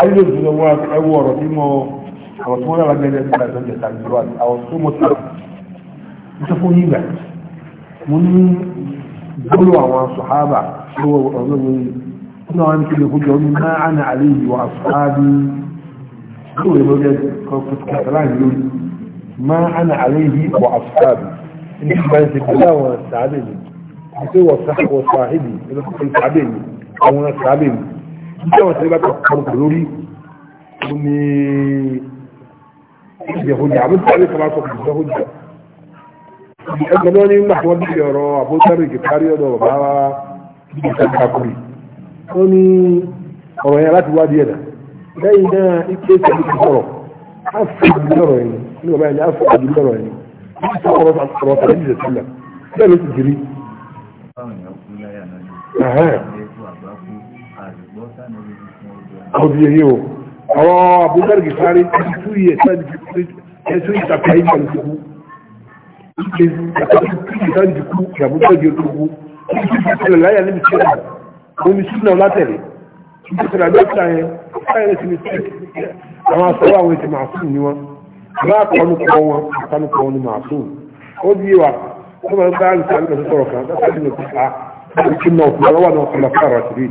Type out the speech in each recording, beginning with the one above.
ayé ìjọba wa ẹwọ ọ̀rọ̀ tí mo ọ̀rọ̀ tí wọ́n lára gẹ́gẹ́ bí bàtà jẹta ìjọba àwọn tó mo ti ń tó fún yígbà mo ní gbóló àwọn sọ̀hábà tó ọ̀rọ̀ lórí ọ̀nà wọn kí lè kó jọ ní máa àna àlè ìwà sọ̀hábì tó rẹ̀ lórí kọ̀tàlá ìlú máa àna àlè ìwà sọ̀hábì ní ìgbà ìsìnkú àwọn sàábẹ̀ ni àti wọ̀ sàábẹ̀ ni àwọn sàábẹ̀ ni ìjọba tí ó bá kọ̀ọ̀kọ̀ lórí ó ní ìjẹ̀hójà àbúkọ̀ ní kọ̀ọ̀kọ̀ sọ̀kọ̀ ìjẹ̀hójà ẹgbẹ́ náà ní gbàgbọ́ bí ọ̀rọ̀ àbúkọ̀rì ìkẹtàrí ọ̀dọ̀ bàbá wa ìkẹtàkùrì ó ní ọ̀rọ̀ yẹn láti wádìí ẹ̀dà lẹ́yìn náà ike ìṣẹ̀lú ti sọ̀rọ̀ áfíìdì lọ́rọ̀ ẹni ní bàbá yẹn áfíìdì lọ́rọ̀ ẹni wọ́n ti sọ̀rọ̀ sọ̀rọ̀ tẹ̀lé ìṣẹ̀sílẹ̀ bẹ́ẹ̀ ló ti jìrì ọdún yẹn o àwọn abúgbàrí gifari two years láti ẹ̀sùn ìtàkà yìí pẹ̀lú ìkú ìtàkà yìí kú ìyàbúgbàrí yìí tó kú ìtàkà láyà níbi tí wọ́n ní súnà látẹ̀lé ìtàkà dókítà yẹn káyọ̀ sí ní sẹ́ẹ̀kì àwọn asọ́wọ́ àwọn ètò màásùn ni wọ́n bá àkọ́nù kọ́ wọn àkọ́nù kọ́ wọn ní màásùn ó bí wa wọ́n máa ń bá àlùfáà nígbà tó sọ̀rọ̀ kan láti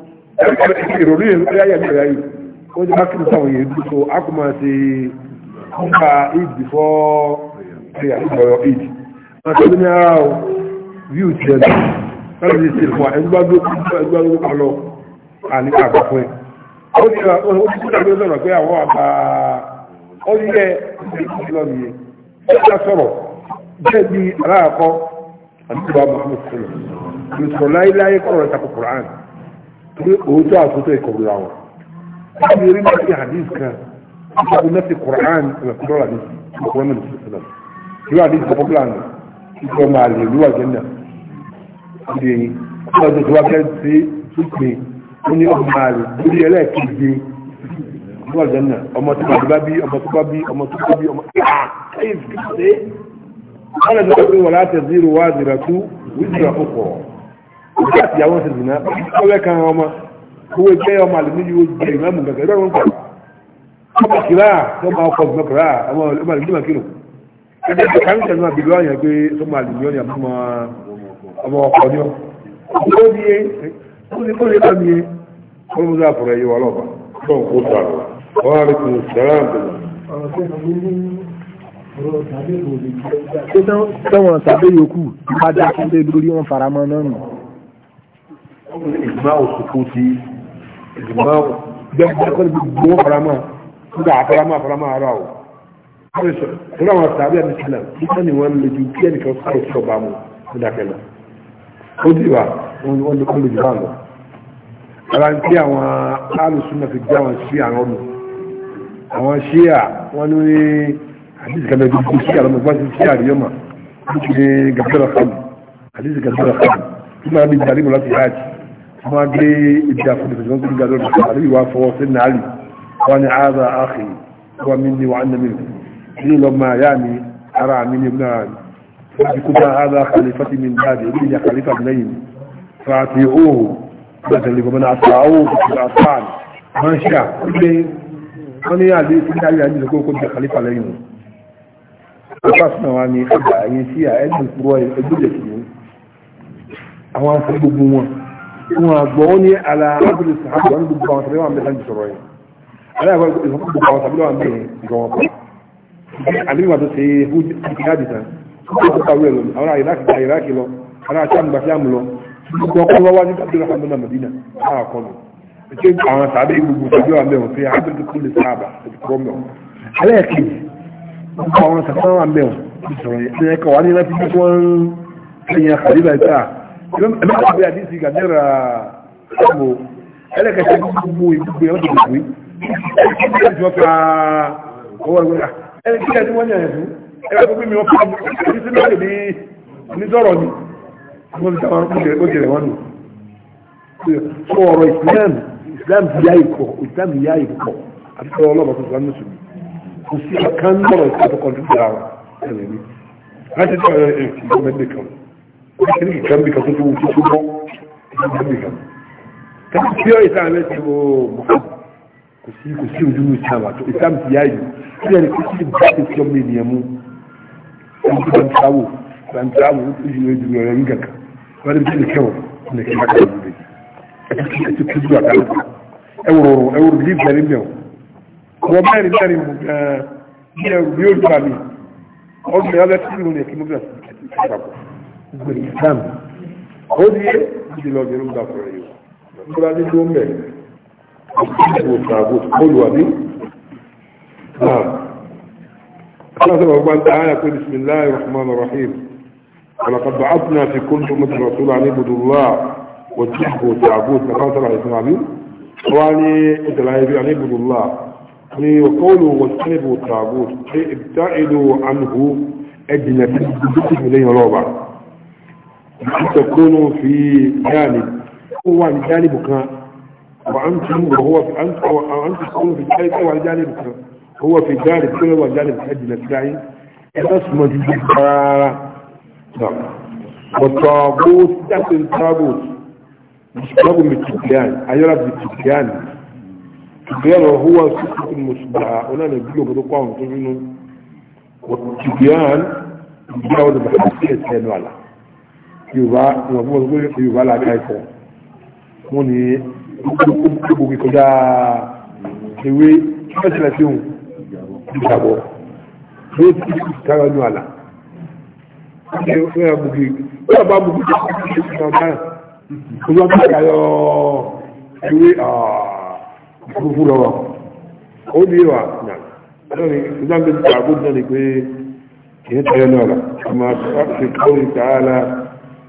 ìròrí ìròyìn ayé ìròyìn ayé ó jẹ́ mákìlì táwọn yẹn so a kò máa ṣe nípa eid before prayer ìgbọ̀rọ̀ eid máa tọ́jú ní ara o view ti lọ láti ṣe fún ẹgbẹ́gbẹ́ ẹgbẹ́gbẹ́ kan lọ àní àgbàfọ́ ẹ̀ ó ní ó ti kúta bí ó pé àwọn àgbà ó ó ti sọ̀rọ̀ bẹ́ẹ̀ ni aláàkọ́ àti kúrò pé òótọ́ àtúntò ìkọ̀wéra wọn láti rí náà sí hadith kan ìṣàkó náà sí Quran ìrọ̀kúrọ̀ àdìs ìkọ̀wé náà sí sílẹ̀ ìlú àdìs ìkọ̀wé plan ìkọ̀ máa lè lú àjẹ́ndà ìdí ẹ̀yìn ọjọ́ tó wá fẹ́ sí ìpín ó ní ọmọ àlè lórí ẹlẹ́ẹ̀kejì lú àjẹ́ndà ọmọ tó bá bí ọmọ tó bá bí ọmọ tó bá bí ọmọ ẹ̀yìn kìí ṣe wọ́n lè wọ́n láti ìgbà àti ìyàwó ṣe zìnà ọwẹ́ kan ọmọ owó jẹ́ ọmọ àlùmíyí ó jẹ ìmọ̀ ẹ̀mù gàgà ìgbà wọn kọ̀ ọmọ kìlá ọmọ ọkọ̀ ọmọ kìlá ọmọ àlùmíyí máa kírun ẹgbẹ́ ìgbà kan ṣẹ̀nu àbílọ́ àyàn pé ọmọ àlùmíyí ọ̀nà àbúmọ̀ ọmọ ọkọ̀ ni ó ní ẹ ó ní kó lè bá mi ẹ ọmọ ọdún àpọ̀rọ̀ ẹ̀yẹ wà lọ́ba tó ń kó sàrọ̀ wọn á rí kùn sẹ́rà àbẹ̀lẹ̀. ọ̀rọ̀ tàbí yòókù bá dá sílé lórí wọn faramọ́ náà nù ìgbìmọ̀ òṣùkú ti ìgbìmọ̀ gbẹ́gbẹ́gbẹ́ gbogbo farama nígbà àfarama àfarama ara o wọ́n àwọn sàbí àti sílẹ̀ nígbà ni wọ́n lè ju kí ẹnìkan sọ̀rọ̀ sọ̀rọ̀ bá mu nídàkẹ́ lọ ó dì wá wọ́n lè kọ́ lè jù bá lọ ara ń tí àwọn alùsùn náà fi gbé àwọn sí ما جي الدافن في الجنة قالوا له علي وفوصلنا علي وانا هذا اخي هو مني وانا منه لي لما يعني ارى مني ابن علي فكنت هذا خليفتي من بعدي لي خليفة ابنين فاطيعوه مثل فمن اطاعوه فقد اطاعني ما شاء كل من يعلي في علي عندي لكون كنت خليفة لينه فقصنا واني خدع ينسيها علم القروة الدولة àwọn afẹ́gbogbo wọn wọn àgbọ̀ ó ní àlà ábùlù sàhábà ní gbogbo àwọn tàbí wọn mẹ́ta ní sọ̀rọ̀ yẹn aláàbọ̀ ìfọ̀kọ̀ gbogbo àwọn tàbí wọn mẹ́ta ìgbọ̀wọ̀ pọ̀ àbí wọn tó ṣe fújì ìyáàdì tán wọn tó kàwé lọ àwọn àyíráàkì lọ àwọn àti àmì gbàfíàmù lọ gbogbo ọkọ̀ wọn wá ní tàbí wọn mẹ́ta mẹ́dínà lára kọ́ lọ ṣé àwọn tàbí gbogbo tàbí wọn mẹ́wọ̀n fi ábùlù kúlè sàhábà ìkọ́ mẹ́wọ̀n alẹ́ẹ̀kejì gbogbo àwọn sàhábà mẹ́wọ̀n ìsọ̀rọ̀ yẹn ẹ̀mí kan bí àdìsí gàdẹ́rà ọ̀bọ̀ ẹlẹ́kẹ̀ẹ́sẹ̀ gbogbo ìgbogbo ẹ̀wọ́n tó gbogbo yìí ẹ̀jọ́ fà ọwọ́ ẹ̀wọ́n ẹ̀rẹ́ kí ẹ̀dí wọ́n yàn ẹ̀fún ẹ̀rẹ́ tó gbé mi ọkọ̀ ẹ̀dí sí lóde ní onídọ́rọ̀ ni wọ́n fi tàwọn ó jẹrẹ wọn nù fún ọ̀rọ̀ Islam Islam yá ìkọ̀ Islam yá ìkọ̀ àti sọ̀rọ̀ ọlọ́mọ tó sọ̀rọ̀ mùsùlùmí kò sí ọ̀kan lọ́rọ̀ ìsọ̀tọ̀ kọ̀ọ̀tù kiri kan bi ka kutu wuce su ko kan o ku si ku si ojú wuce ba to isa ti yayi kí ẹni kí sí bá ti fi ọmọ ènìyàn mú ẹni tó bá ń sáwò bá ń sáwò ó ti ju ojú rẹ ní kankan wọn ni bí ní kẹwọ ní kí n bá kẹwọ mu gan bí ẹwùrọ yóò ju àmì ọgbìn ọlẹ́tìrì ní ẹkí mú bí wọn gbè islam ó di é ìdílọ ní rúgbà fúnra yìí nígbà tí tó ń bẹ̀ ìdíbò tààbò olùwàbí náà Allah sọ̀rọ̀ gbọ́n tí a yà pé bisimilahi rahman rahim ولقد بعثنا في كل أمة رسولا أن اعبدوا الله واتبعوا التعبود كما صلى الله عليه وسلم وأني أتلاعب أن اعبدوا الله وقولوا واجتنبوا التعبود ابتعدوا عنه أجنبي إليه رابعا تكون في جانب هو عن جانب كان وأنتم وهو في أنت أو أنت تكون في جانب هو عن جانب كان هو في جانب كله هو جانب حج نفسي اسمه الجبارة نعم والطاغوت تحت الطاغوت مش طاغوت من التبيان أيرب بالتبيان التبيان هو صفة المشبهة ولا نقول له بدقة والتبيان يتجاوز بحثية سنوالة yorùbá ìwọ̀nbó ọdún pé yorùbá la ka ikọ̀ wọn ni gbogbo kọjá ewé ẹ̀sìnlẹ̀ sí òun ìjàbọ̀ ló ti tara nù àlà ẹ̀rọ gbogbo ìgbà bá gbogbo ìgbà bá ó, ìgbà bá yọ ewé fúfú lọ́wọ́ ó ní ìwà náà ìgbà gbogbo ìgbà gbogbo náà ni pé kìí tẹ̀yẹ náà lọ àmọ́ ṣe kọ́rin tààlà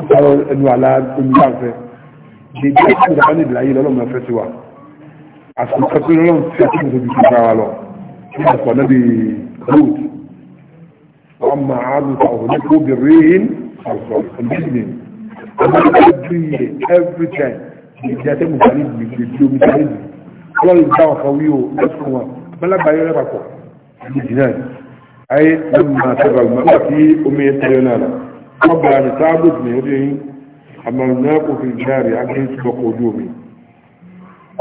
kúkàrọ ẹnu àlá olùdáǹfẹ́ dédé ìjọba ní ìdìláyé lọ́lọ́mọ fẹ́ sí wa àsìkò kẹfẹ́ lọ́lọ́mọ fẹ́ sí ìjọba ìjọba ìjọba wa lọ ní ọ̀pọ̀ náà bí root ọmọ àádùn ọ̀hún ní kó bí rèéhìn ọ̀sọ̀ ìdílé ọmọ ìjọba ìjọba every time ìjọba tẹ́mu kàní ìgbìgbì tí omi kàní ìgbì ọlọ́run ìgbà ọ̀kan wí o lẹ́sùn wọn mọ́lágbàáyé rẹ̀ papọ̀ ìdí náà ayé lọ́mọ àtẹ́gbàgbà wà sí omi ẹ̀tẹ́yọ náà قبل أن تعبد من يده حملناه في النار عن يعني يسبق وجوبه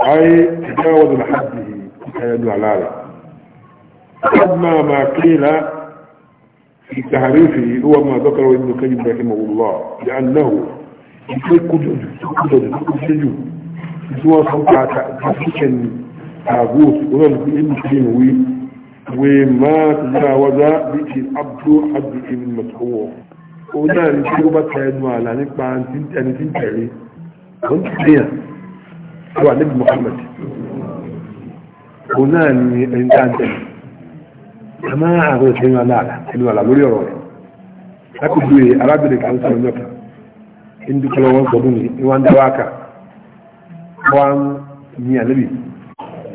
أي تجاوز لحده يدل العلاله أما ما قيل في تعريفه هو ما ذكره ابن القيم رحمه الله لأنه في كل كدد سوى صوت تفكيكا تاغوت ولن ابن القيم وما تجاوز به العبد حد ابن مسحور òun náà ní tí ó bá tẹ ẹnu àlà nípa ẹni tí ń tẹ̀lé òun ti dèyàn tó wà níbi Muhammad òun náà ní ẹni tá ń tẹ̀lé a máa àrùn ìṣẹ́yìn aláàlá ẹnu àlà lórí ọ̀rọ̀ rẹ̀ lákòókò rẹ̀ arábìnrin kan sọ̀rọ̀ mẹ́ta ń dúpẹ́ lọ́wọ́ gbọ́dún ní wọ́n ń dá wákà wọ́n ní àlébì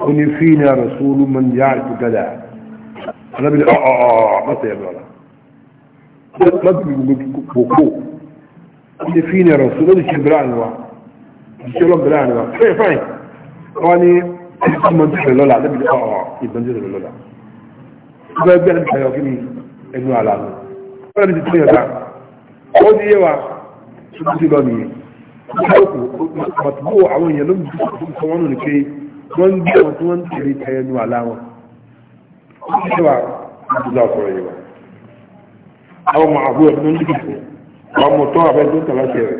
ó ní fíìnà rasúlù mọ́ ní yára ìtúgádà arábìnrin ọ̀ọ̀ọ̀ مطلب بوكو اللي فينا رسول اللي شبران وا شلون بران وا فاي فاي واني من تحلل على بدي اه يبنزل ولا لا بقى بقى حياه كني انه على ولا بدي تقول يا ودي يوا شو بدي بني مطبوع وين يلم كمان لكي من دي وتوان تري تينو على وان شو بدي اقول يوا أو معه من جبته ومطاعبا تلا شيء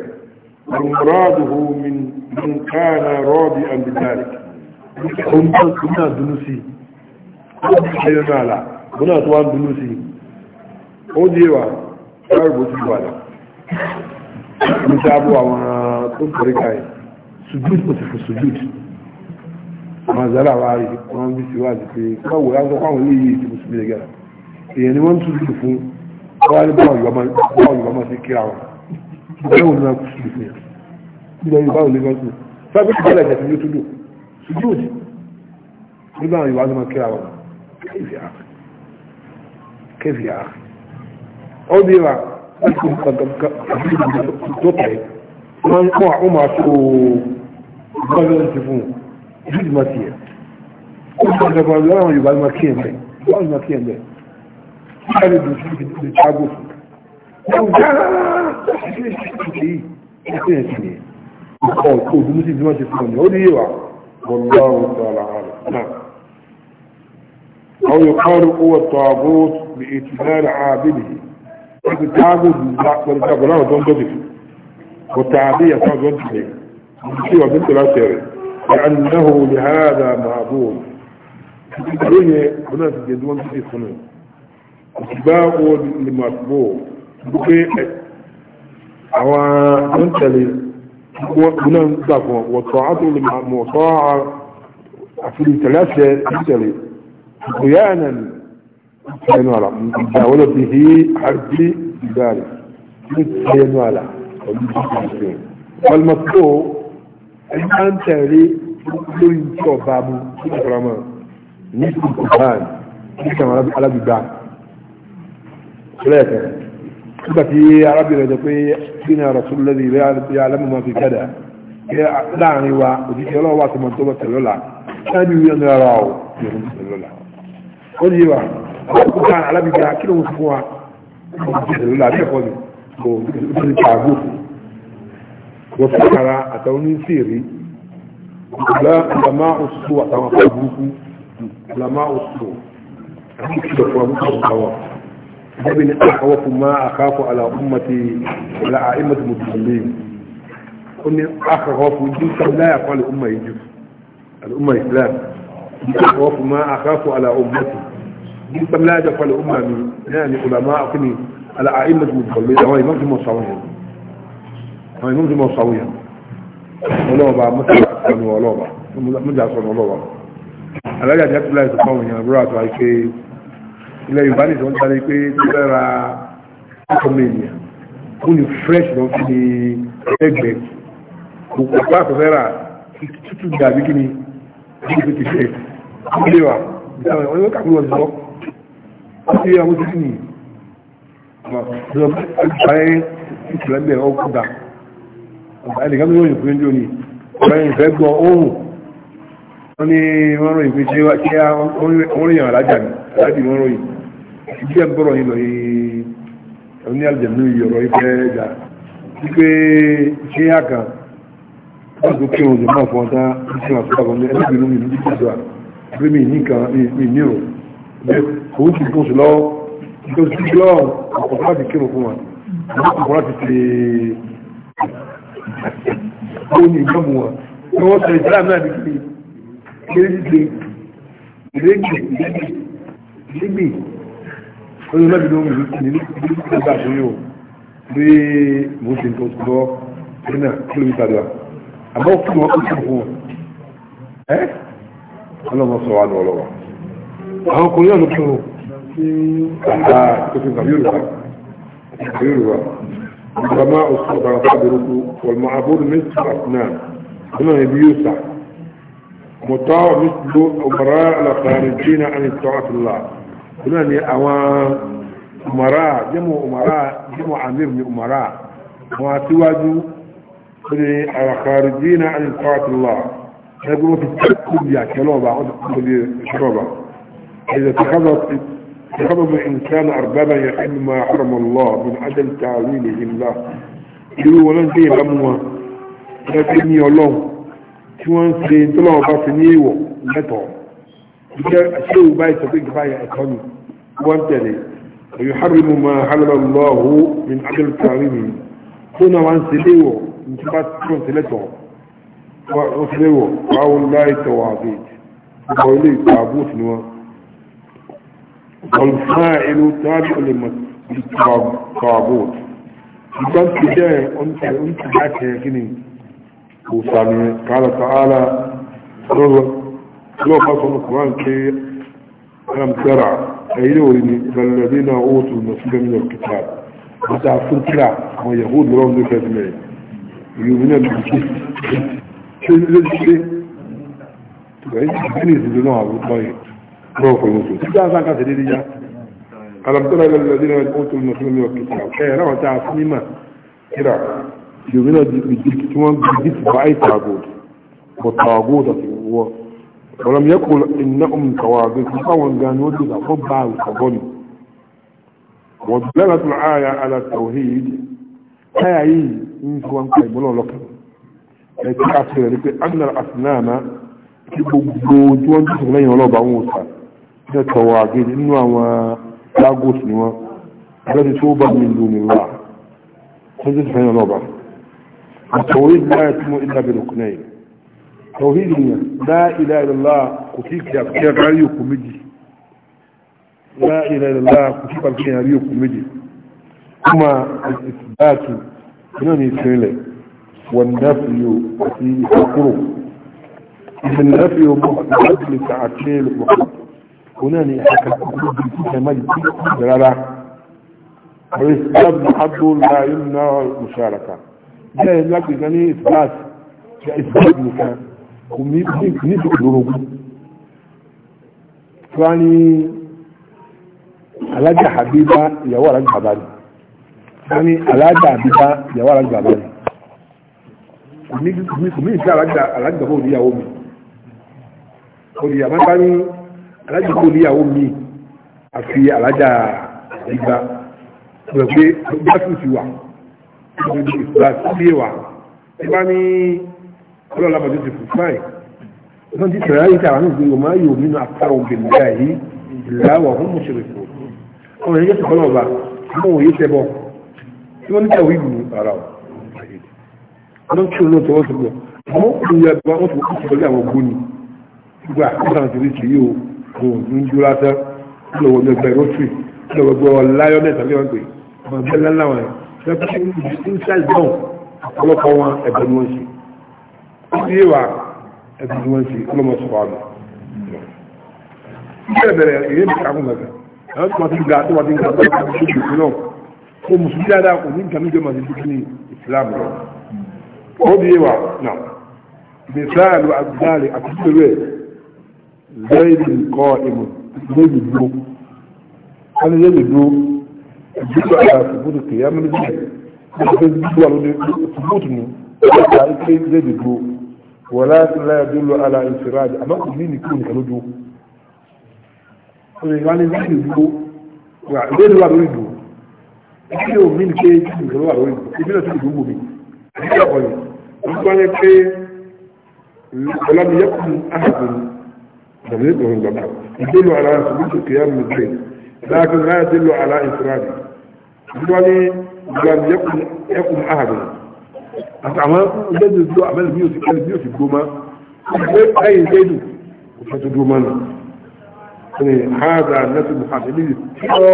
ومراده من من كان راضيا بذلك هم كنا دنوسي كنا لا كنا توان دنوسي ó díẹ̀wà láàrùbó ti gbàdà ní sáàbù àwọn tó kọrí káyẹ̀ sujúd kò sì fò sujúd mazara wa rí wọ́n bí síwájú pé káwò láńkọ́ káwọn ilé yìí ti mùsùlùmí lẹ́gẹ̀rẹ̀ èèyàn ni wọ́n tún jù fún wọ́n ní báwọn yorùbá báwọn yorùbá máa ṣe kíra wọn bẹ́ẹ̀ wọn náà kù sí ìfẹ́ nígbà yorùbá ò lè lọ sí sábẹ́ ti bẹ́ẹ̀ lẹ́sẹ̀ ló túdù ṣùjú òdì nígbà yorùbá ló máa kíra wọn kẹfì àá ó bí wa wọ́n ti kọ́ tó tẹ̀ wọ́n kọ́ àwọn máa tó gbọ́dọ̀ ti fún ìdí ìdí máa tiẹ̀ ó sọ ìjọba lọ́wọ́ yorùbá ló máa kí ẹ̀ bẹ́ẹ̀ sáré lòsí lè tágò fún ẹ̀wù dáadáa ṣe ṣe ṣe ṣe ọkọ̀ tó dúró sí ìdíwọ́n ṣe fún ọ̀nà ó níyẹ̀wà wọ́lọ́rùn tọ́lá ààrẹ náà àwọn yọ̀kọ́rù owó tọ́gbó bí ètò náírà àbílì wọ́n ti tágò dùgbà pẹ̀lú tágò láwọn tó ń dọ́jì fún ọ̀tà àbí yàtọ̀ ọjọ́ jìnlẹ̀ sí wà bí tọ́lá ṣẹ̀rẹ̀ لأنه لهذا معبود. يقولون هنا تجدون في فنون ìgbáwò ní màtúbò wípé àwọn tó ń tẹ̀lé gbọ́nà ń gbà fún wọ̀tọ̀ átò lè máa mọ̀ sọ́ àfihàn ìtẹ̀lé àṣẹ ń tẹ̀lé ìgbòyà ẹ̀nà ní ẹnu àlà ìgbàwọ́ lọ bí i àrùbí ìgbà rẹ̀ ní ẹnu àlà pẹ̀lú ìgbàṣẹ́ wọlmọ̀tò ẹni máa lẹ́ẹ̀kan nígbà tí arábìnrin sọ pé kí ni àròsùn lẹ́nu ìwé alẹ́mọ̀ máa fi kẹ́dà kí láàrin wa òjijì ọlọ́wọ́ wa tọmọ tó bọ̀ tẹ̀lé ọ̀la sábì wí ọ̀nà ara ọ̀ yẹ̀rù tẹ̀lé ọ̀la ó ní wa ọkọ̀ kan alábìgbà kí ló ń fún wa tẹ̀lé ọ̀la bí ẹ̀kọ́ ni kò ní pàgó wọ́n fi kara àtàwọn oníṣẹ́rí ọ̀gá ìlàmá òṣùṣù àtàwọn afọ burúkú ìlàmá òṣùṣù àti ìkìlọ̀ fún abúkọ̀ ابن أخوف ما أخاف على أمتي ولا أئمة المسلمين أني أخاف جنسا لا يقال الأمة يجوز الأمة الإسلام أخاف ما أخاف على أمتي جنسا لا يقال الأمة يعني علماء أقني على أئمة المسلمين هو إمام في مصاوية هو إمام في مصاوية ولوبا مثلا ولوبا مجاسا ولوبا على جاء جاء الله سبحانه وتعالى ilẹ̀ yorùbá ní ìṣòwò sáré pé tí wọ́n ra ọmọ ènìyàn ó ní fresh lọ fi ní ẹgbẹ́ kòkò pa àtọ̀fẹ́ rà tútù dàbí kí ni bí o ti fẹ́ ó lé wa ìdáwọn ọ̀rẹ́ kàkúrò ọ̀dọ́ ó ti yẹ àwọn tuntun yìí ọ̀rọ̀ ìpàdé ìtìlẹ́gbẹ̀ ọkùnda ọ̀gbà ẹ̀lẹ́gbẹ̀ ló yìí fún ní ọ̀rọ̀ ìfẹ́ gbọ́ ohun wọ́n ni wọ́n ròyìn pé ṣe wọ́n rí àwọn alájà ní alájì wọ́n ròyìn ìdí ẹ̀ ń bọ̀rọ̀ yìí lọ yìí ẹ̀rọ ní àlùjẹ̀mú ìyọ̀rọ̀ ìfẹ́ ẹ̀dá wípé ṣé yá kan wọ́n tó kí òun jẹ̀mọ́ fún ọ̀tá ṣé wà fún ọ̀gbọ̀n ẹni bínú mi ní ìjọ àbí mi ní kan mi ní o òun ti kó sùlọ́ tó sì lọ́ ọ̀pọ̀ láti kírun fún wa ọ̀pọ̀ láti ṣe ó ní ìjọ́mu wa ni wọ́n sọ ìsìlámù náà ní kiri kiri kiri kiri kiri kiri oyún mẹ́bí ló ń bí ní nígbà tó yóò bí mo ṣe nǹkan oṣù lọ ní náà kí ló ń tàdúrà àmọ́ ó fún wọn kó tó fún wọn ẹ́ ọlọ́mọ sọ wà lọ́wọ́ lọ́wọ́ àwọn ọkùnrin náà ló fún wọn kàkà tó fi kàbí òrùwà kàbí òrùwà ìgbàmá oṣù ọ̀bàrà fàbẹ̀rẹ̀ wọ̀lmọ̀ àbúrò mẹ́sì àtúnáà nínú ẹbí yóò sà mọ̀tá mẹ́sì ló ọ̀bàrà àlàfààrẹ̀ jìnnà àni tọ́ àtúnláà náà ni àwọn umara jẹ́mu umara jẹ́mu amir ni umara wọn àtiwájú ní àràkàrìjì náà àti kọ́ọ̀tùlá ẹgbẹ́ wọn fi kúbi àkẹlọ́ọ̀bà wọn ti kúbi àkẹlọ́ọ̀bà إذا اتخذت اتخذ الإنسان أربابا يحل ما حرم الله من عدم تعويله الله ìlú wọn lọ́n tẹ́yìn lámú wọn lọ́tẹ́ ní ọlọ́run tí wọ́n ń ṣe tọ́lọ́wọ́ bá ti ní èèwọ̀ lẹ́tọ̀ọ́ الشيء بايت تطبيق كفاية أكرمي وامتلي ويحرم ما حلل الله من عدل تعليمه هنا وان سليو انتبات تكون سليته وسليو وعو الله التواعديد وقولي تعبوت نوا والفائل تابع للتعبوت كان تجاه انت انت حكي كني وصاني قال تعالى رضا لو حصل القرآن كي ألم ترى أيلوني فالذين أوتوا النصيب من الكتاب حتى فكرة ويهود لهم ذلك أجمعين يؤمنون بالكتاب شيء لذلك شيء تبعين تبعين يزدنوها بالطريق روح النصوص تبعين ذاك سريرية ألم ترى الذين أوتوا النصيب من الكتاب كي روح تعصني ما كرا يؤمنون بالكتاب وأي تعبود والطاغوت هو ولم يقل إنهم كواذب فهو كان يوجد حبا وكظن ودلالة الآية على التوحيد هاي نسوا كيبلون لك تكاثر لك أن الأسلام تبوجود وانتسوا لين ولو بأموسا التواذب إنه هو لاغوس نوا الذي توبى من دون الله تجد فين ولو بأموسا التوحيد لا يتم إلا بركنين توحيد لا إله إلا الله كفيك يا غاريو كوميدي لا إله إلا الله كفيك يا غاريو كوميدي كما الإثبات من يسير والنفي في القرب إذا النفي مقابل تعطيل هنا حكى القرب كما يقول ويستبد حد لا يمنع المشاركة لا لك يعني إثبات كإثبات مكان ní ìdòrógún tí wọ́n ní alájà àbíbá ìyàwó alájà bàbá ni wọ́n ní alájà àbíbá ìyàwó alájà bàbá ni kò ní ìfẹ́ alájà bàbá oníyàwó mi oníyàwó bá ní alájà bàbá oníyàwó mi àfi alájà àbíbá rẹ̀ pé bá tún ti wà ní ìfúra sí wa ẹ bá ní ọlọ́run lábàjọ́ ti fún fáì wọ́n ti sọ̀rọ̀ ayé tàwọn ìgbín wọn máa yóò nínú àkàrọ̀ òbẹ̀lẹ̀ yìí ìlàwọ̀ fún mùsùlùmí ọmọ yẹn tẹ̀kọ́ náà bá àwọn òye tẹ̀bọ̀ tí wọ́n ní tẹ̀wé ìlú ara ọ̀ wọ́n kí wọn tọwọ́ sọ̀rọ̀ àwọn òkùnrin yẹn bá wọ́n tọwọ́ sọ̀rọ̀ àwọn ògbóni gbà kọ́ńtàn ti rí ti yóò kò ń dúró asán lọ́wọ́ ní ọgbà rotary wọn ẹ̀bẹ̀ ni wọ́n ṣe ní ìwà ẹ̀sìn tí wọ́n ṣe ọlọ́mọ sọ̀rọ̀ àmì bẹ́ẹ̀ bẹ̀rẹ̀ ìwé ìbùkà fún mẹ́fẹ́ àwọn tó wà ti ga tó wà ti ga tó wà ti ṣe ìpínlẹ̀ kó mùsùlùmí dáadáa kò ní nǹkan níjọ́ màá ti dúkú ní ìsìlámù lọ. ó di ìwà náà mìsáàlù àgbáàlì àkúkúrú ẹ̀ lẹ́yìn nǹkọ́ ìmọ̀ lẹ́yìn dúró wọ́n ní lẹ́yìn dúró ìdúró àgbà ṣùgbọ́n kìí ولكن لا يدل على انفراد اما مين يكون كلدو قال يعني مين يدو غير لا يدو يعني مين كي يكون كلدو لا يدو يبينا تقول دو مين يبينا قوي يبينا كي ولم يكن أحد دليله من دمار يدل على سبيل القيام من البيت لكن لا يدل على انفراد يقول لي يعني لم يكن يكن أحد àtàwọn lẹ́nu ìlú àmẹ́lì bí òsì kẹ́lì bí òsì gbómá lẹ́yìn lẹ́nu òfin tó gbómá nù ní àádà nẹ́sì buhari ní ìtọ́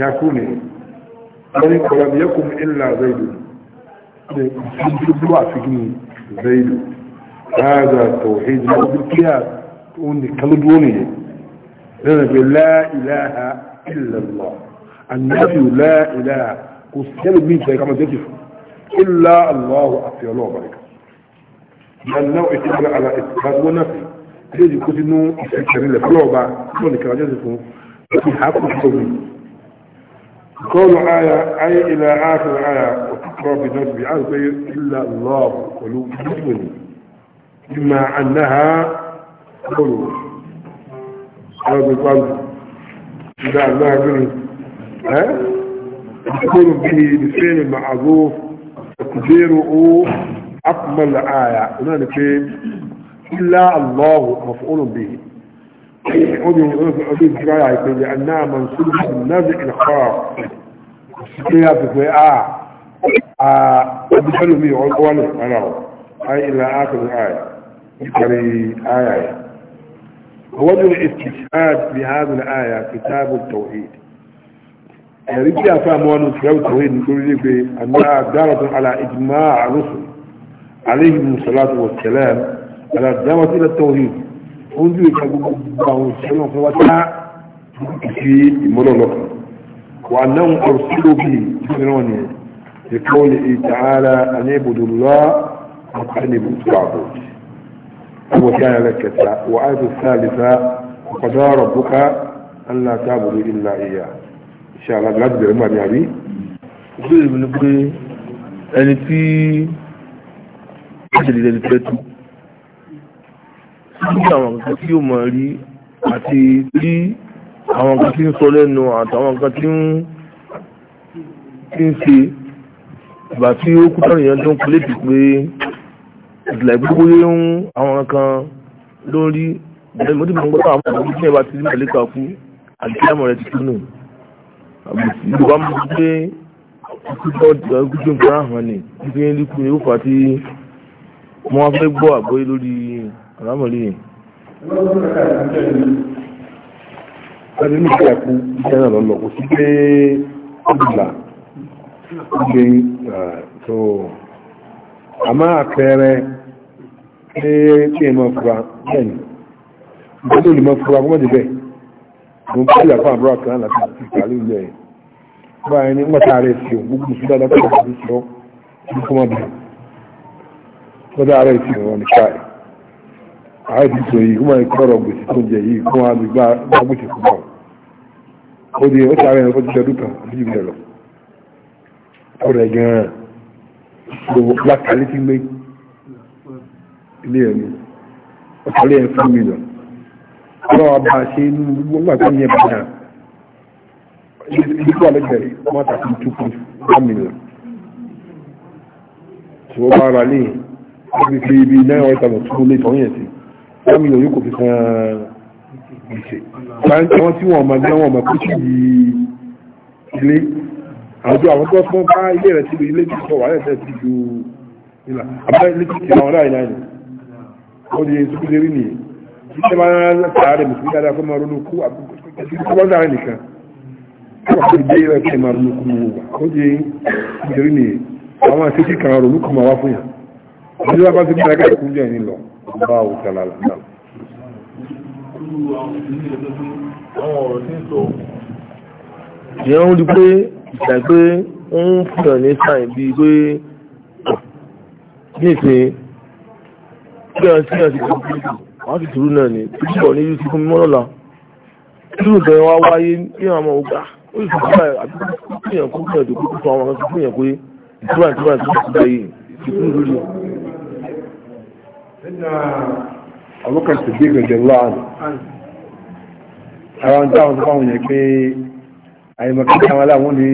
yakú ni wọ́n ní kọ́lá ní yakú ilà zaidu ní ìdúró àfikún zaidu àádà tòhíd ní ọdún kíá ó ní kálódúró nìyẹn lẹ́nu pé láìláha ilẹ̀ lọ àníyàtì láìláha kò sí ẹlòmíì tẹ̀ kàmọ́ jẹ́ ti fún إلا الله أفي الله بارك نوع إتبار على إتبار ونفي يجب كتنو إسكرين لفلوبة كون كراجزكم في حق الحكم قول آية أي إلى آخر آية وتقرأ بنفس بعرض إلا الله قلوب مسلم بما أنها قلوب هذا القلب إذا الله قلوب ها يكون به بفعل المعروف تقديره أكمل آية هنا نقول إلا الله مفعول به جرايا يقول النزع الخاص آه مي أنا أي إلى آخر الآية يعني آية وجه الاستشهاد بهذه الآية كتاب التوحيد ẹ̀rí tí a fáwọn ọmọ ìṣẹ́wò tó yìí nítorí ní pé àmì àdáratun ala ijma àrùsùn alayhi musalatu wa salam ala dáwàtí ilẹ̀ tawhid ó ń dúró ìka gbogbo àwọn ìṣẹ́wò fún wa tá ìfi ìmọ́lọ́lọ́kọ̀ wà náà ọ̀rọ̀sílò bí ìṣẹ́wò ni ìkọ́ ni ìtàhálà anébùdùlá anébùdùlá وكان لك وآية الثالثة وقضى ربك ألا تعبدوا إلا إياه ṣe àlàdé láti bẹ̀rẹ̀ mọ́ àmì àbí. ìbéèrè mi ni pé ẹni tí ìṣèlú ẹni fẹ́ tú sí àwọn nǹkan tí yóò máa rí àti rí àwọn nǹkan tí ń sọ lẹ́nu àtàwọn nǹkan tí ń tí ń ṣe ìgbà tí ó kú tán èèyàn tó ń pléètì pé ìdìlẹ̀ gbogbo yé ń àwọn kan lórí ìdẹ́mọ́tò gbogbo táwọn ọmọ ọmọ ọmọ ìgbà tí ìdílé kà fún àdìsí àmọ̀ rẹ̀ ti kú nù yorùbá mú pé gbígbé nǹkan àhàn ni nítorí líkú ni ó fà á tí wọ́n wá fẹ́ gbọ́ àgbọ́yé lórí àlámọ̀lé yẹn. ẹni ní olùmọ̀ fura kọ́mọ́dé bẹ́ẹ̀ mo ń bẹ́ẹ̀ àpá àbúrò àkàrà láti ti ìpàlẹ̀ ilẹ̀ ẹ̀ báyìí ní pàtà rẹ̀ sí o gbogbo sí dáadáa tó kọ̀ọ̀dé sí ọ ní kọ́mọ bí pàtà rẹ̀ sí wọn ní káì ààrẹ ti sọ yìí kó máa kọ́ ọ̀rọ̀ gbèsè tó ń jẹ yìí kó máa lè gbá gbèsè tó bọ̀ ó di ó sáré ẹ̀rọ fọ́jú ọdún kan àbí ìbílẹ̀ lọ ó rẹ̀ gan-an gbogbo látàlí ti gbé ilé ẹ̀ ní ọ̀tàlẹ́ ẹ̀ lọ́wọ́ bá ṣe inú gbogbo àti ní ẹ̀bùn náà ìdíkọ̀ lẹ́gbẹ̀rẹ̀ wọ́n tàbí tukú gómìnà tí ó bá ra lè ibi fi ibi náà ọ̀tà lọ tún lè tọ́yẹ̀ sí gómìnà yóò kò fi kan gbèsè báyìí wọ́n tí wọ́n máa gbé wọn máa kú sí ilé àjọ àwọn tó fún bá ilé rẹ̀ síbi ilé tí sọ wà lẹ́sẹ̀ sí ju ìlà àbá ilé tí kìlà wọn láì náà ó di ètò kúndérí nìyẹn ṣe máa ń sàárè mùsùlùmí dáadáa kó máa ronú kú àbúkọ́ sáré nìkan wọ́n ti dé ẹ̀rọ kí máa ronú kú wò wá ó di ìdírí nìyẹn àwọn àti kíkan ronú kú máa wá fún yàn ọdún wa bá ti bẹ̀rẹ̀ ká kú ní lọ bá o tẹ̀lé àlà náà. ìyẹn ń rí pé ìgbàgbé ń fìyàn ní sáì bíi pé nísìnyí kí wọ́n ti kí wọ́n ti wọ́n ti tùrú náà ni pípọ̀ ní yíṣu fún mímọ́ lọ́la tùrú tẹ̀ wá wáyé ní àwọn ọgbà ó sì fún báyìí àti fúnyàn kó fúnyàn tó kó fún àwọn akẹ́kọ̀ọ́ fúnyàn pé ìtura ìtura ìtura ìtura yìí ìtura lórí. Uh, Abubakar Siddiq radiyallahu anhu àwọn táwọn tó fáwọn yẹn pé àyèmọ̀kí àwọn aláwọ̀ ní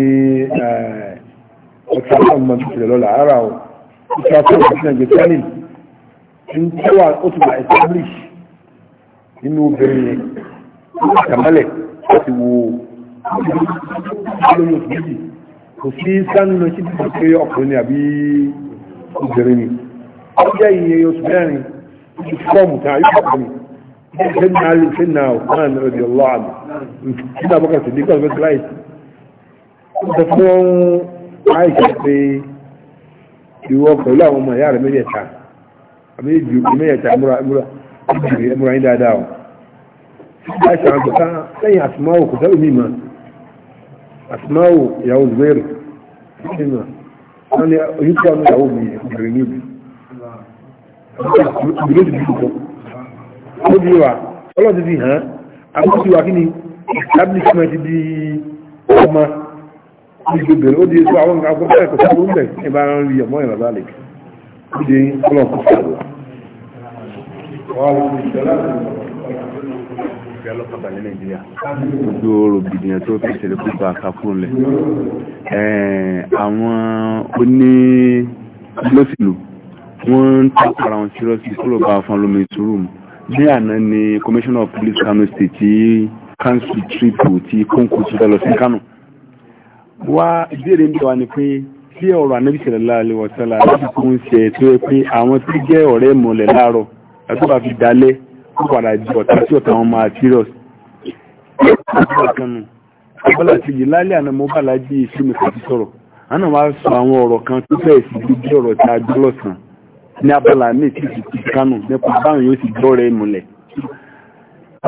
uh, ọ̀tún àwọn ọmọ tó tẹ̀lé lọ́la ara ọ̀ ìtura tó ń gbé tẹ́lẹ̀ ń tẹ́wà ó ti wà establish nínú obìnrin yẹn ó jàmálẹ̀ láti wo olóyún òsìlẹ́jì kò sí sánúlọ sí ti pé ọkùnrin ni àbí obìnrin ni ó jẹ́ ìyẹn oṣù mẹ́rin oṣù fọ́ọ̀mù tán ayé ọkùnrin سيدنا علي سيدنا عثمان رضي الله عنه سيدنا بكر الصديق بس رايت تفهم عايش في يوقف لهم ما يعرف من يتعامل méjì mẹ́yẹ̀ta ẹmúra yín dáadáa o aṣọ àgbẹ̀ká lẹ́yìn àtìmáwò kò tẹ́lẹ̀ mímọ̀ àtìmáwò ìyàwó zubairu mímọ̀ wọ́n ni oyúkọ́ ọmọ ìyàwó mi ìbẹ̀rẹ̀ ní òbí ìbílẹ̀ ti dùn kọ́ ó di wa ọlọ́dún ti hàn wa kí ni establishment di ọmọ ó di àwọn akọ́kọ́ ẹ̀kọ́ ń bẹ̀ ń rí ọmọ ìrọ̀lá ó di Gbogbo òrògbìdìyàn tó fi ṣẹlẹ̀ púpọ̀ àkàkùn lẹ̀. Àwọn oní lọ́sìlú wọ́n ń tàkàrà wọn sí rọ́sì kúrò bá fún ọlọ́mọ ìtúrù mú. Ní àná ni Commissioner of Police Kano State tí Council Trip ti Kónkó ti lọ sí Kano. Wá ìbéèrè ń bẹ̀ wá ni pé bí ọ̀rọ̀ ànábìsẹ̀lẹ̀ láàlẹ́ wọ̀sán láti fún ṣe tó yẹ pé àwọn tó jẹ́ ọ̀rẹ́ mọ̀lẹ̀ láàárọ̀ ẹ̀tọ́ bá fi dalẹ̀ ó padà di ọ̀tá sí ọ̀tá wọn máa tírọ̀s abọ́lá ti yìí lálẹ́ àná mo bá lájí ìṣúmi kàti sọ̀rọ̀ àná wàá sọ àwọn ọ̀rọ̀ kan tó fẹ́ sí bí ọ̀rọ̀ tá a gbọ́ lọ́sàn ní abala ní ti ti ti kánò nípa báwọn yóò sì gbọ́ rẹ̀ ìmùlẹ̀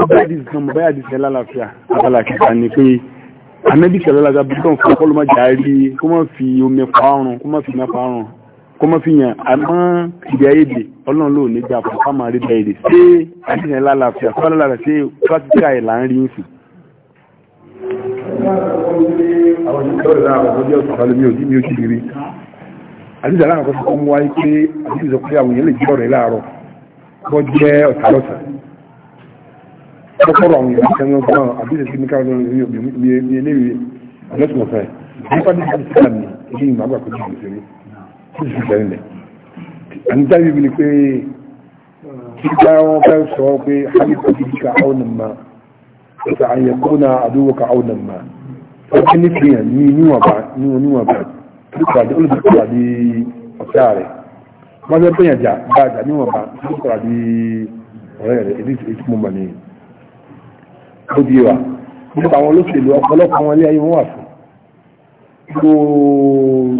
abáyàdì kan mo báyàdì sẹ́ lálàáfíà abala kẹta ni pé anábìsẹ̀ lọ́la gbàgbọ́ fún ọpọlọmọjà rí kó má fi omi pa ọrùn kó má fi mẹ́pa ọrùn kọmọ fi yàn àmọ́ ìdí ayédè ọlọ́run ló ní gbà fún fáwọn àrídà èdè ṣé àdìsẹ̀ lálàáfíà fún alára ṣé pásítà ẹ̀ là ń rí ń sùn. àwọn ìṣòro náà àwọn ọjọ́ ìṣòro mi ò jí mi ò jí rí àdìsẹ̀ aláàkọ́ sọ fún wa pé àdìsẹ̀ sọ pé àwọn èèyàn lè jí ọ̀rẹ́ láàárọ̀ kọ́ jẹ́ ọ̀tá lọ́sàn kọ́kọ́rọ̀ àwọn èèyàn kan náà àdìsẹ̀ sí ní káwọn èèyàn mi eléyìí ọ̀lọ́sùn ọ̀fẹ́ nípa ní àdìsẹ̀ mi eléyìí màgbà kọjú ìgbésẹ̀ tí sì fẹ́ nílẹ̀ àníjáde bí ni pé kíkà wọn fẹ́ sọ pé halittu kíkà aunan ma wata an yakuna aduwa ka aunan ma wata ní fi hàn ní níwà bá níwà bá tó kàdé olùdókòwàdé ọ̀tá rẹ̀ wọ́n fẹ́ pèyàn jà bá jà níwà bá tó kàdé ọ̀rẹ́ rẹ̀ èdè ìtumọ̀ mọ̀ ní ó ko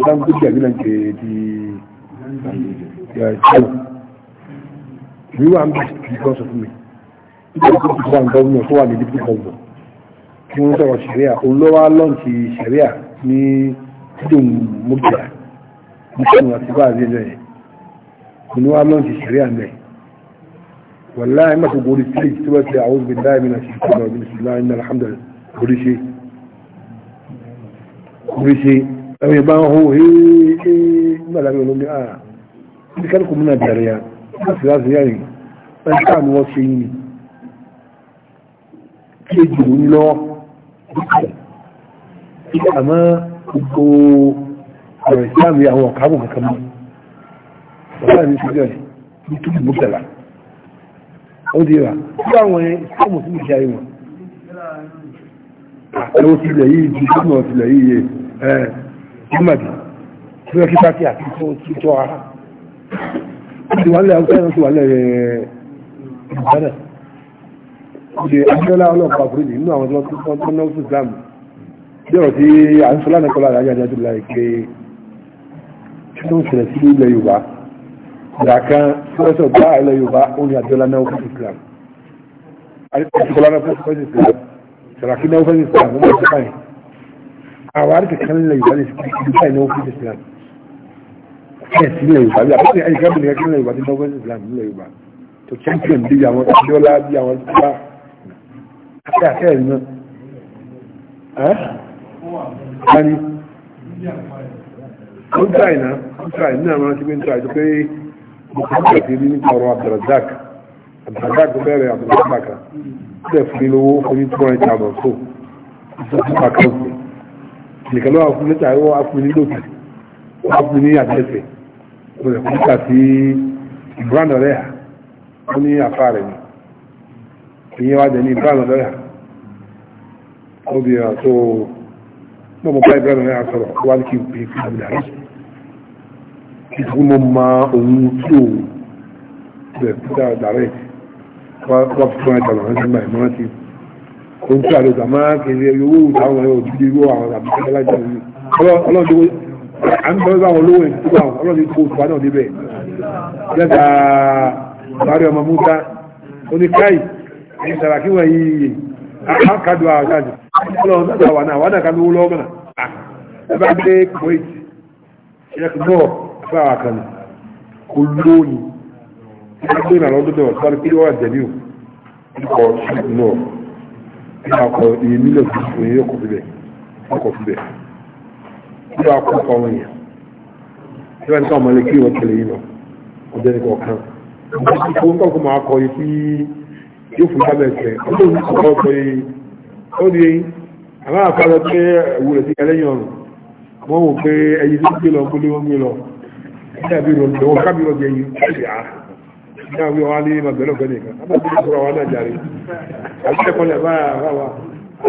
dan kuke gidan ke di ya ciwo we were ambitious because of me nígbà tó ti gbà gọ́ọ̀nà tó wà ní dípítì gọ́ọ̀nà kí wọ́n sọ̀rọ̀ sẹ̀ríà olówó lọ́ǹtì sẹ̀ríà ní dídùn mọ́gbà nítorí àti bá àbí ẹ̀jẹ̀ yẹn olówó lọ́ǹtì sẹ̀ríà mẹ́ wàlá ẹ̀ má tó gorí sílẹ̀ tí wọ́n ti àwọn obìnrin dáìmínà sí ìpínlẹ̀ ọ̀gbìn ìsìlá ìnà alhamdulilayi oríṣi gbèsè àwọn ìbá ń hó hee gbàdàgbà olómi àà ní kálùkù múnà bẹ̀rẹ̀ ya láti láti yá rìn láti káàmù wọ́n ṣe yìí kí èjì ló ń lọ dúkìá àmọ́ gbogbo ọ̀rọ̀ ìsáàmì àwọn ọ̀káàbù ti bẹ̀rẹ̀ ní yìí yìí ẹ̀ẹ́dìmọ̀dì tí wọ́n kí bá kí àti tó títọ́ ara ti wà lẹ́ ọ̀sẹ̀ ti wà lẹ́ ìbẹ̀rẹ̀ ìdè abiola ọlọ́pàá àbúrò nínú àwọn tó náà sí islam bí ọ̀rọ̀ tí à ń sọ lánàá kọ́lá àyájá jáde láì pé kí ló ń ṣẹlẹ̀ sí ilẹ̀ yorùbá ìdàkan tí wọ́n sọ bá ilẹ̀ yorùbá ó ní abiola náà fún islam àti kọ́lá náà fún islam sàràkí náà fún islam ó mọ̀ sí báyìí àwárí kẹ̀kẹ́ nílẹ̀ Yorùbá ní ìdíkà ìnáwó fún Islam ẹ̀ sí ilẹ̀ Yorùbá yàtọ̀ sí ẹ̀yìn kẹ́bìnrin kẹ́kẹ́ nílẹ̀ Yorùbá ní ìnáwó fún Islam nílẹ̀ Yorùbá tó champion bí àwọn abiola bí àwọn bá akẹ́ akẹ́ ẹ̀ náà ẹ́ wani ó ń tàì náà ó ń tàì náà máa ti gbé ń tàì tó pé mo kàn ń tẹ̀sí ní ọ̀rọ̀ Abdulrazak Abdulrazak bẹ̀rẹ̀ Abdulrazak kan ó tẹ̀ fún mi lówó fún mi two hundred thousand so ó tẹ̀ fún mi nìkan ló wà fún lẹ́tà wọ́n á fún ní lòdì wọ́n á fún ní àdẹ́sẹ̀ wọ́n lè fún níta sí ìbúrán ọ̀rẹ́ à wọ́n ní àfa rẹ̀ ni ìyẹn wá jẹ́ ní ìbúrán ọ̀rẹ́ à ó bí ọ̀ tó mọ̀ mọ̀ bá ìbúrán ọ̀rẹ́ à sọ̀rọ̀ wá ní kí n pè é fún àmì àrẹ́ kí n mọ̀ ma òun tí òun bẹ̀ fún dáadáa rẹ̀ wọ́n fún ẹ̀ta lọ́wọ́ kò ń tí àlọ́ ìgbàmá kèrè owó ìtàwọn ẹ̀rọ òdìdí irú àwọn àbíkẹ́ láìpẹ́ yìí ọlọ́dún à ń bẹ̀rẹ̀ báwọn olówó ẹ̀sìn tó àwọn ọlọ́dún kó òtùbá náà débẹ̀ lẹ́ta bàárì ọmọ múta oníkáì ní sàràkí wọn yìí àkàdùn àgbàjù ọlọ́run ah, tó wà náà wà náà kánú lọ́wọ́ mọ́nà ẹ bá gbé kuwait ẹ̀kú bọ́ọ̀ fún àwọn àkànnì kò lóyìn ẹgbẹ́ ìrànlọ́dún náà sọ́ọ́ akọ èyí nílẹ̀ gbogbo èyí ọkọ̀ síbẹ̀ ọkọ̀ síbẹ̀ tí wàá kọ́ ọkọ̀ wọn yẹn tí wàá nípa ọmọlẹ́ kí wọ́n tẹ̀lé yìí lọ ọjọ́ nípa ọ̀kan ìfowó ń kọ́kọ́ máa kọ yìí sí yóò fún lábẹ́ ẹsẹ̀ ọdún ní ọkọ̀ ọkọ̀ yìí ó di eyín àmọ́ àfàlọ́ pé ẹ̀wù rẹ̀ sí ẹlẹ́yìn ọ̀rùn wọ́n wò pé ẹyin tó gbé lọ gbólé wọ́n gbé lọ náà wí ọwá ní màbẹ̀lọ̀ gẹ́nì kan a bá bí ìfúra wa náà jàre àti ẹ̀kọ́ ní àbá àwa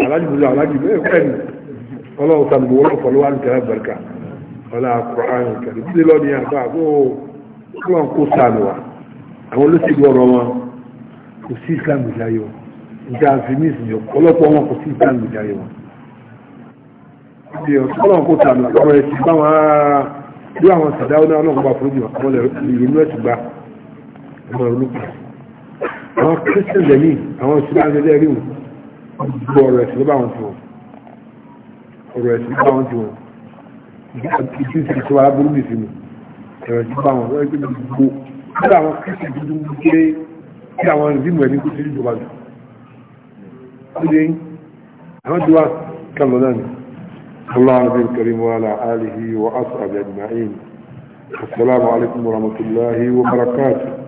alájì bùlọ alájì bẹ́ẹ̀ fẹ́ ni ọlọ́run ta gbogbo wọn fọlọ́ wa ní tẹ̀lé barika ọlá kùránì kẹrì bí lọ ní àbá àbó wọn kó sàmì wa àwọn olóṣèlú ọ̀rọ̀ wọn kò sí islam ìdáyé wọn ìjà àfimí ìsìn ọ̀pọ̀lọpọ̀ wọn kò sí islam ìdáyé wọn. ọlọ́run kó sàmì wa ọ̀rọ̀ ẹ̀sìn báwọn bí àwọn sàdáwọn náà ọlọ́run bá fún àwọn olùkọ́ àwọn christian lẹ́mí àwọn ìṣúná àjọjẹ́ rí wọn gbọ́ ọ̀rọ̀ ẹ̀sìn ló bá wọn ti wọn ọ̀rọ̀ ẹ̀sìn ló bá wọn ti wọn ìdí ìsìn tó wà lábúrú mi ọ̀rọ̀ ẹ̀sìn bá wọn lọ́wọ́ pé gbogbo kí àwọn christian dúdú ń gbé kí àwọn ìdímọ̀ ẹ̀mí kó sí ìjọba jù kí àwọn ti wá náà ni الله نبي الكريم وعلى آله وأصحابه أجمعين السلام عليكم ورحمة الله وبركاته